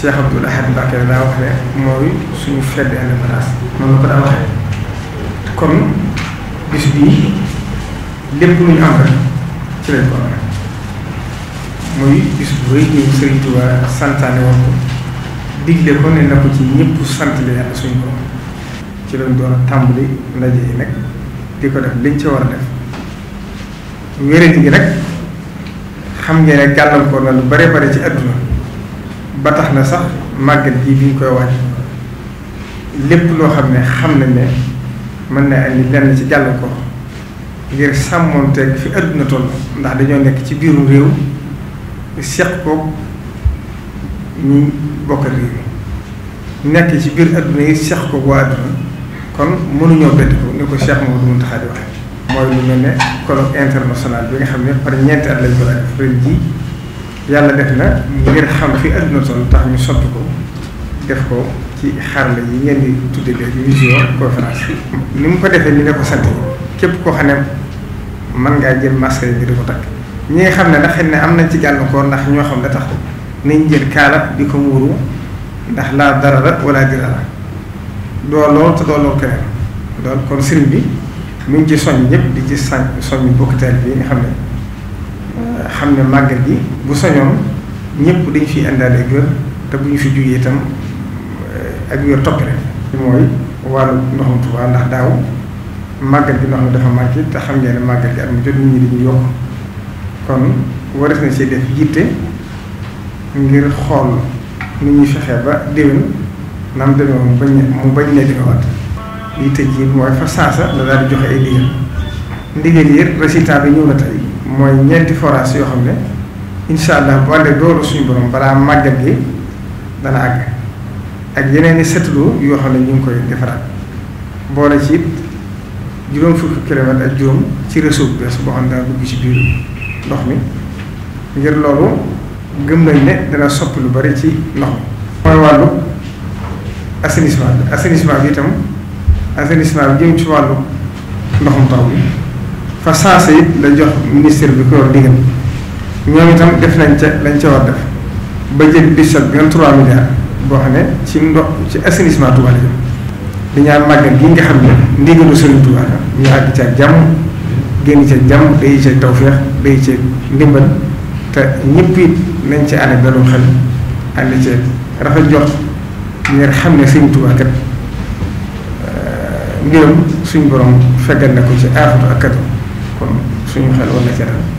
Cheikh Abdoul Ahad Mbacké daa wax ne mooy suñu fedd indépendance noonu la ko daa waxee kon bis bii lépp lu ñu am rek ci lañ ko amee muy bis bu rëy ñu Sëriñ Tuubaa santaane woon ko digle ko ne na ko ci ñëpp sant la yàlla suñu borom ci lañ doon tàmbali ndaje yi nag di ko def liñ ci war a def wérati gi rek xam ngeen ne gàllankoor na lu bare bare ci àdduna باتاخنا صاح ماغن تي بي نكوي واج ليپ لو خامني خامنا من نا اني لن سي جالو كو غير سامونتك في ادنا تول دا دانيو نيك سي بيرو ريو سيخ كو ني بوك ريو نيك سي بير ادنا سيخ كو واد كون مونو نيو بيتو نيكو شيخ مو دون تخادي واخ يلا دفنا غير خام في أدنى زون تاع نصدقو دفكو كي خارل يين لي تودي لي ميزيو كونفرانس نيم كو دفي ني نكو سانتي كيب كو خانم مان غا جيل ماسكي دي ديكو تاك ني خامنا دا خين ني امنا سي جالو كور ناخ ньо خام دا تاخ ني نجيل كالا ديكو مورو ناخ لا ضرر ولا ضرر دو لو تا دو لو كير دون كون سيرين بي مي نجي سوني نيب دي جي سان سوني بوك تال بي ني خامني xam ne màggal gi bu sañoon ñëpp dañ fi indaale gër te bu ñu fi jugee itam eh, ak wér topp rek mooy wàllu ndoxum Tuubaa ndax daaw màggal gi ndox mi dafa màgg te xam ngeen ne màggal gi at mu jot nit ñi dañuy yokk kon waras na ci def yitte ngir xool nu ñuy fexee ba déwén nam demee mu bañ mu bañ ne defewaat yitte ji mooy fa saasa la daal di joxe ay ndigal ndigal yi résultat bi ñëw na tey mooy ñeenti forage yoo xam ne incha allah bu àndee doolu suñu borom balaa màggal gi dana àgg ak yeneen i seetlu yoo xam ne ñu ngi koy defaraat boole ci it juróom fukki kilomètre ak juróom ci réseau bu bees boo xam ne dana dugg ci biir ndox mi ngir loolu gëm nañ ne dana soppi lu bari ci ndox mi. mooy wàllu assainissement bi assainissement bi itam assainissement bi jëm ci wàllu ndoxum taw bi. fa saasa it la jox ministère bi ko yor digal ñoom itam def nañ ca lañ ca war def ba jël budget bi 3 milliards boo xam ne ci ndox ci assainissement Touba la jëm di ñaan màggal gi nga xam ne ndigalu Sëriñ Touba la ñu àgg ca jàmm génn ca jàmm day ca tawféex day ca ndimbal te ñëpp it nañ ci ànd ak dalum xel ànd ca rafet jox ngir xam ne Sëriñ Touba kat euh, suñ borom feggal ne ko ci aafatu ak 所以很多那些。